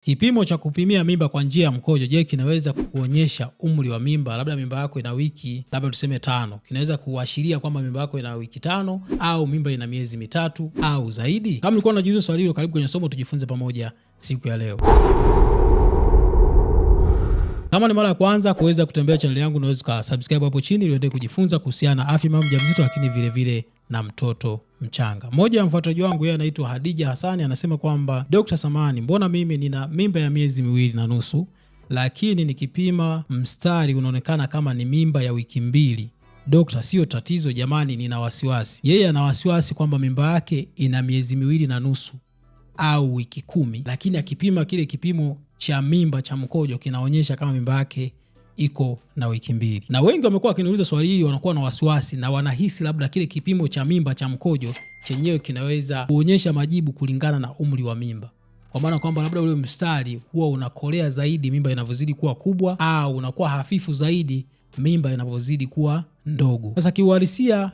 Kipimo cha kupimia mimba kwa njia ya mkojo, je, kinaweza kuonyesha umri wa mimba? Labda mimba yako ina wiki labda tuseme tano, kinaweza kuashiria kwamba mimba yako ina wiki tano au mimba ina miezi mitatu au zaidi? Kama ulikuwa unajiuliza swali hilo, karibu kwenye somo tujifunze pamoja siku ya leo. Kama ni mara ya kwanza kuweza kutembea channel yangu, unaweza ukasubscribe hapo chini ili uendelee kujifunza kuhusiana na afya mama mjamzito, lakini vile vile na mtoto mchanga. Mmoja ya mfuataji wangu yeye anaitwa Hadija Hasani anasema kwamba Dr. Samani, mbona mimi nina mimba ya miezi miwili na nusu lakini nikipima mstari unaonekana kama ni mimba ya wiki mbili. Dokta, siyo tatizo jamani, nina wasiwasi. Yeye ana wasiwasi kwamba mimba yake ina miezi miwili na nusu au wiki kumi, lakini akipima kile kipimo cha mimba cha mkojo kinaonyesha kama mimba yake iko na wiki mbili. Na wengi wamekuwa wakiniuliza swali hili, wanakuwa na wasiwasi na wanahisi labda kile kipimo cha mimba cha mkojo chenyewe kinaweza kuonyesha majibu kulingana na umri wa mimba, kwa maana kwamba labda ule mstari huwa unakolea zaidi mimba inavyozidi kuwa kubwa, au unakuwa hafifu zaidi mimba inavyozidi kuwa ndogo. Sasa kiuhalisia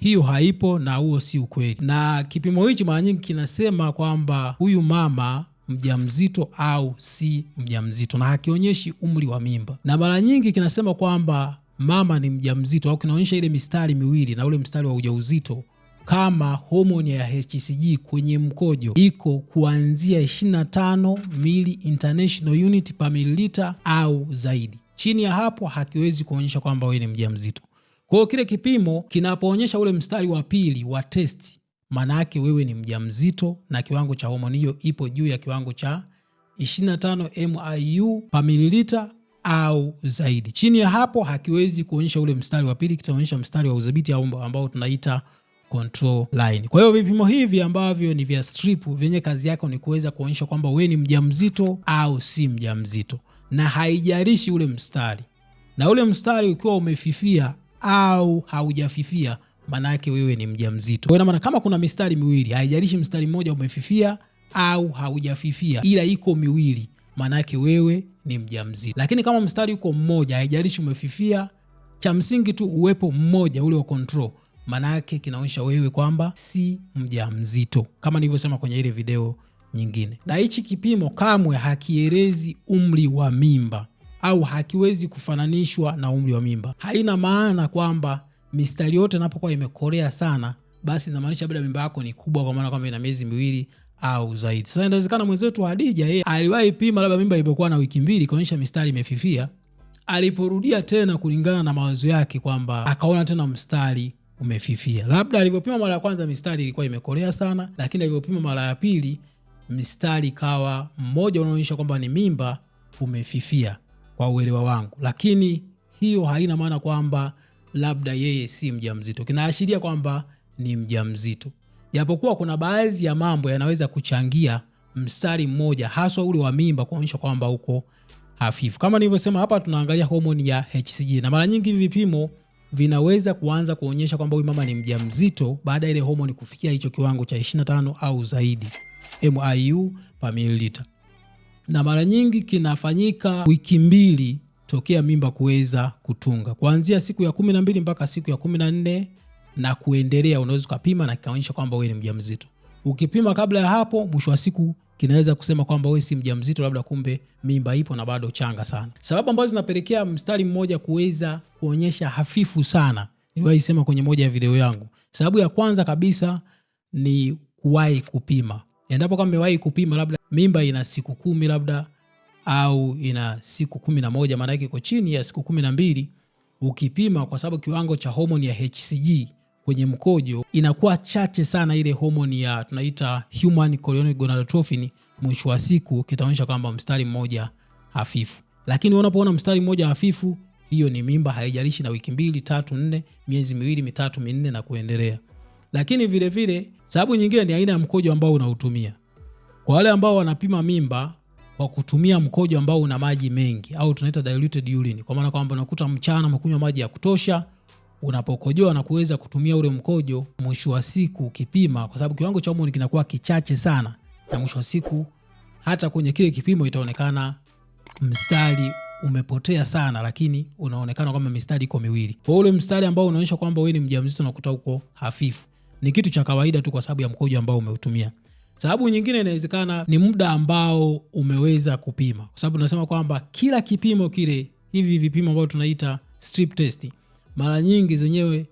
hiyo haipo na huo si ukweli. Na kipimo hichi mara nyingi kinasema kwamba huyu mama mjamzito au si mjamzito, na hakionyeshi umri wa mimba, na mara nyingi kinasema kwamba mama ni mjamzito au kinaonyesha ile mistari miwili na ule mstari wa ujauzito kama homoni ya HCG kwenye mkojo iko kuanzia 25 mili international unit per mililita au zaidi. Chini ya hapo hakiwezi kuonyesha kwamba wewe ni mjamzito. Kwa hiyo kile kipimo kinapoonyesha ule mstari wa pili wa testi, maana yake wewe ni mjamzito na kiwango cha homoni hiyo ipo juu ya kiwango cha 25 MIU pamililita mililita au zaidi. Chini ya hapo hakiwezi kuonyesha ule mstari wa pili, kitaonyesha mstari wa udhibiti ambao tunaita control line. Kwa hiyo vipimo hivi ambavyo ni vya strip vyenye kazi yako ni kuweza kuonyesha kwamba wewe ni mjamzito au si mjamzito, na haijarishi ule mstari, na ule mstari ukiwa umefifia au haujafifia, maana yake wewe ni mjamzito. Kwa maana kama kuna mistari miwili, haijalishi mstari mmoja umefifia au haujafifia, ila iko miwili, maana yake wewe ni mjamzito. Lakini kama mstari uko mmoja, haijalishi umefifia, cha msingi tu uwepo mmoja ule wa control maana yake kinaonyesha wewe kwamba si mjamzito, kama nilivyosema kwenye ile video nyingine. Na hichi kipimo kamwe hakielezi umri wa mimba au hakiwezi kufananishwa na umri wa mimba. Haina maana kwamba mistari yote inapokuwa imekorea sana, basi inamaanisha labda mimba yako ni kubwa, kwa maana kwamba ina miezi miwili au zaidi. Sasa inawezekana mwenzetu Hadija yeye aliwahi pima labda mimba ilipokuwa na wiki mbili, kaonyesha mistari imefifia. Aliporudia tena kulingana na mawazo yake kwamba akaona tena mstari umefifia, labda alivyopima mara ya kwanza mistari ilikuwa imekorea sana, lakini alivyopima mara ya pili mistari ikawa mmoja unaonyesha kwamba ni mimba umefifia kwa uelewa wangu, lakini hiyo haina maana kwamba labda yeye si mjamzito, kinaashiria kwamba ni mjamzito, japokuwa kuna baadhi ya mambo yanaweza kuchangia mstari mmoja, haswa ule wa mimba, kuonyesha kwamba uko hafifu. Kama nilivyosema hapa, tunaangalia homoni ya HCG na mara nyingi vipimo vinaweza kuanza kuonyesha kwamba huyu mama ni mjamzito baada ya ile homoni kufikia hicho kiwango cha 25 au zaidi MIU per mililita na mara nyingi kinafanyika wiki mbili tokea mimba kuweza kutunga, kuanzia siku ya kumi na mbili mpaka siku ya kumi na nne na kuendelea. Unaweza ukapima na kikaonyesha kwamba wewe ni mjamzito. Ukipima kabla ya hapo, mwisho wa siku kinaweza kusema kwamba wewe si mjamzito, labda kumbe mimba ipo na bado changa sana. Sababu ambazo zinapelekea mstari mmoja kuweza kuonyesha hafifu sana, niliwahi sema kwenye moja ya video yangu. Sababu ya kwanza kabisa ni kuwahi kupima. Endapo kama umewahi kupima labda mimba ina siku kumi labda au ina siku kumi na moja maana yake iko chini ya siku kumi na mbili ukipima, kwa sababu kiwango cha homoni ya HCG kwenye mkojo inakuwa chache sana, ile homoni ya tunaita human chorionic mwisho wa siku kitaonyesha kwamba mstari mmoja hafifu. Lakini unapoona mstari mmoja hafifu, hiyo ni mimba, haijalishi na wiki mbili tatu nne, miezi miwili mitatu minne na kuendelea. Lakini vilevile sababu nyingine ni aina ya mkojo ambao unautumia kwa wale ambao wanapima mimba kwa kutumia mkojo ambao una maji mengi au tunaita diluted urine, kwa maana kwamba unakuta mchana umekunywa maji ya kutosha, unapokojoa na kuweza kutumia ule mkojo, mwisho wa siku ukipima, kwa sababu kiwango cha homoni kinakuwa kichache sana, na mwisho wa siku hata kwenye kile kipimo itaonekana mstari umepotea sana, lakini unaonekana kama mistari iko miwili. Kwa ule mstari ambao unaonyesha kwamba wewe ni mjamzito na kuta uko hafifu, ni kitu cha kawaida tu, kwa sababu ya mkojo ambao umeutumia. Sababu nyingine inawezekana ni muda ambao umeweza kupima, kwa sababu tunasema kwamba kila kipimo kile, hivi vipimo ambavyo tunaita strip test, mara nyingi zenyewe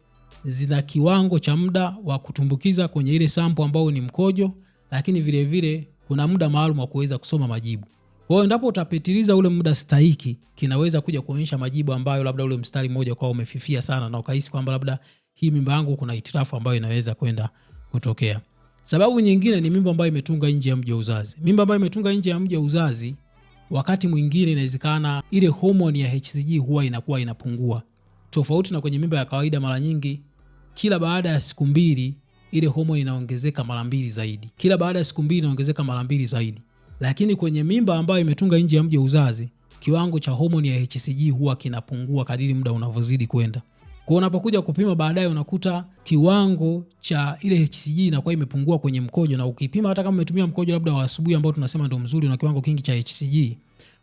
zina kiwango cha muda wa kutumbukiza kwenye ile sampo ambao ni mkojo, lakini vilevile kuna muda maalum wa kuweza kusoma majibu. Kwa hiyo endapo utapitiliza ule muda stahiki, kinaweza kuja kuonyesha majibu ambayo labda ule mstari mmoja kwa umefifia sana, na ukahisi kwamba labda hii mimba yangu kuna itirafu ambayo inaweza kwenda kutokea. Sababu nyingine ni mimba ambayo imetunga nje ya mji wa uzazi. Mimba ambayo imetunga nje ya mji wa uzazi, wakati mwingine inawezekana ile homoni ya HCG huwa inakuwa inapungua, tofauti na kwenye mimba ya kawaida. Mara nyingi kila baada ya siku mbili ile homoni inaongezeka mara mbili zaidi, kila baada ya siku mbili inaongezeka mara mbili zaidi. Lakini kwenye mimba ambayo imetunga nje ya mji wa uzazi, kiwango cha homoni ya HCG huwa kinapungua kadiri muda unavyozidi kwenda. Kwa unapokuja kupima baadaye unakuta kiwango cha ile HCG inakuwa imepungua kwenye mkojo, na ukipima hata kama umetumia mkojo labda wa asubuhi ambao tunasema ndio mzuri na kiwango kingi cha HCG,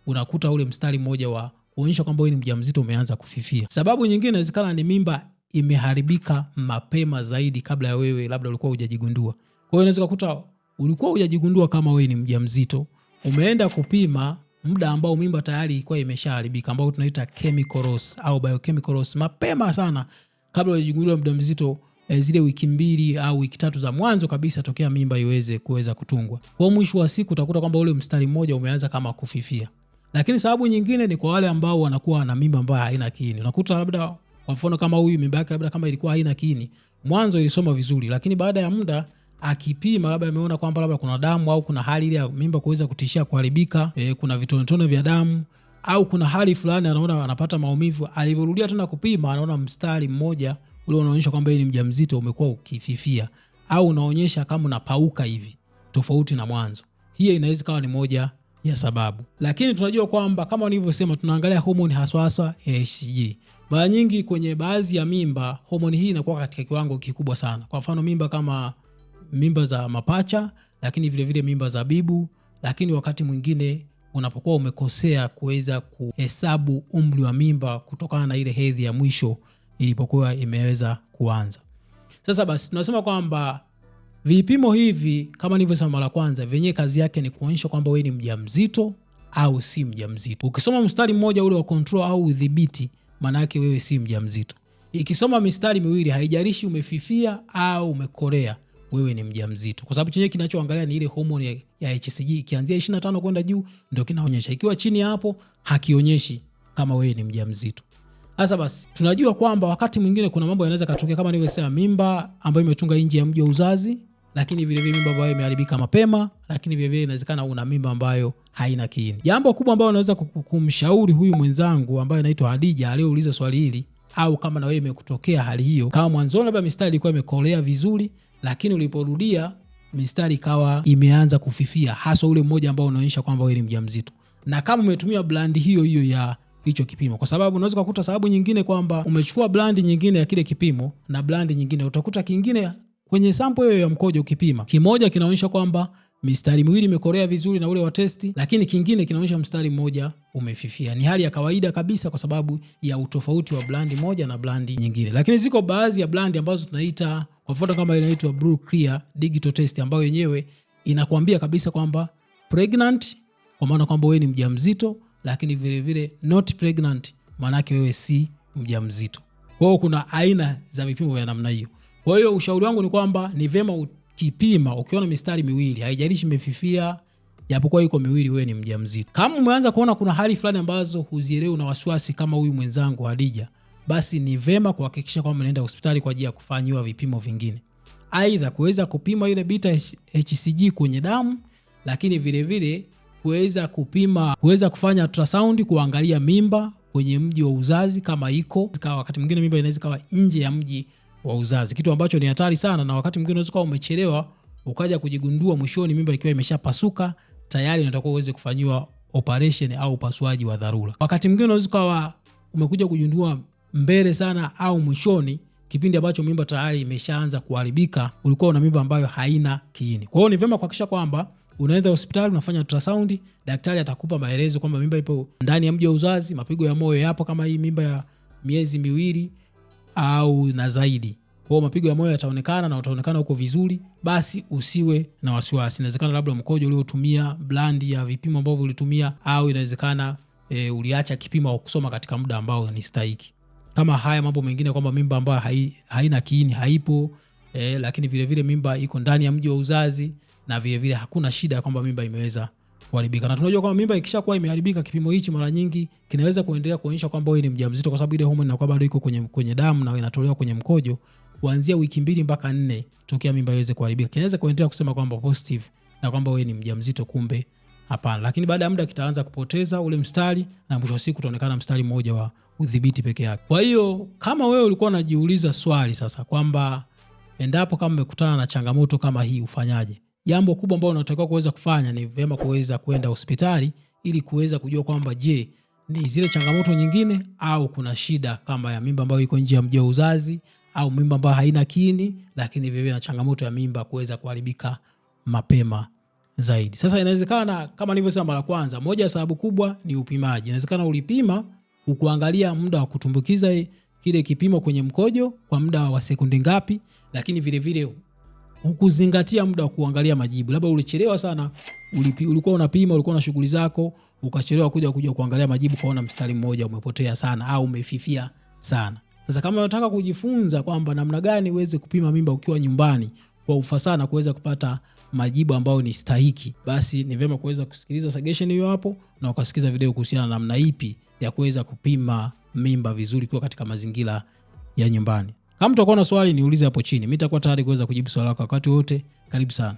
unakuta ule mstari mmoja wa kuonyesha kwamba wewe ni mjamzito umeanza kufifia. Sababu nyingine inawezekana ni mimba imeharibika mapema zaidi kabla ya wewe labda ulikuwa hujajigundua. Kwa hiyo unaweza kukuta ulikuwa hujajigundua kama wewe ni mjamzito, umeenda kupima muda ambao mimba tayari ilikuwa imeshaharibika ambao tunaita chemical loss au biochemical loss, mapema sana kabla hujajigundulia muda mzito e, zile wiki mbili au wiki tatu za mwanzo kabisa tokea mimba iweze kuweza kutungwa. Kwa mwisho wa siku utakuta kwamba ule mstari mmoja umeanza kama kufifia. Lakini sababu nyingine ni kwa wale ambao wanakuwa na mimba ambayo haina kiini. Unakuta labda kwa mfano kama huyu mimba yake labda kama ilikuwa haina kiini, mwanzo ilisoma vizuri, lakini baada ya muda akipima labda ameona kwamba labda kuna damu au kuna hali ile ya mimba kuweza kutishia kuharibika, e, kuna vitonetone vya damu au kuna hali fulani anaona anapata maumivu. Alivyorudia tena kupima, anaona mstari mmoja ule unaonyesha kwamba yeye ni mjamzito umekuwa ukififia au unaonyesha kama unapauka hivi tofauti na mwanzo. Hiyo inaweza kawa ni moja ya sababu, lakini tunajua kwamba kama nilivyosema, tunaangalia homoni haswa haswa e, HCG. Mara nyingi kwenye baadhi ya mimba homoni hii inakuwa katika kiwango kikubwa sana. Kwa mfano mimba kama mimba za mapacha, lakini vile vile mimba za bibu. Lakini wakati mwingine unapokuwa umekosea kuweza kuhesabu umri wa mimba kutokana na ile hedhi ya mwisho ilipokuwa imeweza kuanza. Sasa basi tunasema kwamba vipimo hivi kama nilivyosema mara kwanza, vyenyewe kazi yake ni kuonyesha kwamba wewe ni mjamzito au si mjamzito. Ukisoma mstari mmoja ule wa control au udhibiti, maana yake wewe si mjamzito. Ikisoma mistari miwili, haijalishi umefifia au umekorea, wewe ni mjamzito, kwa sababu chenyewe kinachoangalia ni ile homoni ya HCG. Ikianzia 25 kwenda juu ndio kinaonyesha, ikiwa chini ya hapo hakionyeshi kama wewe ni mjamzito. Sasa basi, tunajua kwamba wakati mwingine kuna mambo yanaweza katokea, kama nilivyosema, mimba ambayo imetunga nje ya mji wa uzazi, lakini vile vile mimba ambayo imeharibika mapema, lakini vile vile inawezekana una mimba ambayo haina kiini. Jambo kubwa ambalo unaweza kumshauri huyu mwenzangu ambaye anaitwa Hadija aliyeuliza swali hili, au kama na wewe imekutokea hali hiyo, kama mwanzoni labda mistari ilikuwa imekolea vizuri, lakini uliporudia mistari ikawa imeanza kufifia, haswa ule mmoja ambao unaonyesha kwamba wewe ni mjamzito, na kama umetumia blandi hiyo hiyo ya hicho kipimo, kwa sababu unaweza kukuta sababu nyingine kwamba umechukua blandi nyingine ya kile kipimo na blandi nyingine, utakuta kingine kwenye sampo hiyo ya mkojo ukipima, kimoja kinaonyesha kwamba mistari miwili imekorea vizuri na ule wa testi, lakini kingine kinaonyesha mstari mmoja umefifia. Ni hali ya kawaida kabisa kwa sababu ya utofauti wa blandi moja na blandi nyingine, lakini ziko baadhi ya blandi ambazo tunaita kwa mfano kama inaitwa Blue Clear Digital Test ambayo yenyewe inakuambia kabisa kwamba pregnant, kwa maana kwamba wewe ni mjamzito, lakini vile vile not pregnant, maana yake wewe si mjamzito. Kwa hiyo kuna aina za vipimo vya namna hiyo. Kwa hiyo ushauri wangu ni kwamba ni vema kipima ukiona mistari miwili, haijalishi imefifia, japokuwa iko miwili, wewe ni mjamzito. Kama umeanza kuona kuna hali fulani ambazo huzielewi na wasiwasi kama huyu mwenzangu Hadija, basi ni vema kuhakikisha kwamba unaenda hospitali kwa ajili ya kufanyiwa vipimo vingine, aidha kuweza kupima ile beta HCG kwenye damu, lakini vile vile kuweza kupima kuweza kufanya ultrasound kuangalia mimba kwenye mji wa uzazi kama iko. Wakati mwingine mimba inaweza kawa nje ya mji wa uzazi, kitu ambacho ni hatari sana, na wakati mwingine unaweza kuwa umechelewa ukaja kujigundua mwishoni mimba ikiwa imeshapasuka tayari, unatakiwa uweze kufanyiwa operation au upasuaji wa dharura. Wakati mwingine unaweza kuwa umekuja kujundua mbele sana au mwishoni kipindi ambacho mimba tayari imeshaanza kuharibika, ulikuwa una mimba ambayo haina kiini. Kwa hiyo ni vyema kuhakikisha kwamba unaenda hospitali, unafanya ultrasound, daktari atakupa maelezo kwamba mimba ipo ndani ya mji wa uzazi, mapigo ya moyo yapo, kama hii mimba ya miezi miwili au na zaidi. kwao, mapigo ya moyo yataonekana na utaonekana uko vizuri, basi usiwe na wasiwasi. Inawezekana labda mkojo uliotumia, blandi ya vipimo ambavyo ulitumia, au inawezekana e, uliacha kipimo au kusoma katika muda ambao ni stahiki. Kama haya mambo mengine kwamba mimba ambayo hai, haina kiini haipo e, lakini vilevile vile mimba iko ndani ya mji wa uzazi na vilevile vile hakuna shida ya kwamba mimba imeweza kuharibika. Na tunajua kwamba mimba ikishakuwa imeharibika kipimo hichi mara nyingi kinaweza kuendelea kuonyesha kwamba wewe ni mjamzito kwa sababu ile homoni inakuwa bado iko kwenye, kwenye damu na inatolewa kwenye mkojo kuanzia wiki mbili mpaka nne tokea mimba iweze kuharibika. Kinaweza kuendelea kusema kwamba positive na kwamba wewe ni mjamzito kumbe hapana. Lakini baada ya muda kitaanza kupoteza ule mstari na mwisho wa siku utaonekana mstari mmoja wa udhibiti peke yake. Kwa hiyo kama wewe ulikuwa unajiuliza swali sasa kwamba endapo kama umekutana na changamoto kama hii ufanyaje? jambo kubwa ambalo unatakiwa kuweza kufanya ni vyema kuweza kwenda hospitali ili kuweza kujua kwamba je, ni zile changamoto nyingine au kuna shida kama ya mimba ambayo iko nje ya mji wa uzazi au mimba ambayo haina kiini, lakini vivyo na changamoto ya mimba kuweza kuharibika mapema zaidi. Sasa inawezekana kama nilivyosema mara kwanza, moja ya sababu kubwa ni upimaji. Inawezekana ulipima ukuangalia muda wa kutumbukiza kile kipimo kwenye mkojo kwa muda wa sekunde ngapi, lakini vilevile hukuzingatia muda wa kuangalia majibu, labda ulichelewa sana, ulipi, ulikuwa unapima, ulikuwa na shughuli zako, ukachelewa kuja kuja kuangalia majibu, kaona mstari mmoja umepotea sana au umefifia sana. Sasa kama unataka kujifunza kwamba namna gani uweze kupima mimba ukiwa nyumbani kwa ufasaha na kuweza kupata majibu ambayo ni stahiki, basi ni vyema kuweza kusikiliza suggestion hiyo hapo na ukasikiza video kuhusiana na namna ipi ya kuweza kupima mimba vizuri ukiwa katika mazingira ya nyumbani. Kama mtakuwa na swali niulize hapo chini, mi takuwa tayari kuweza kujibu swali lako wakati wote. Karibu sana.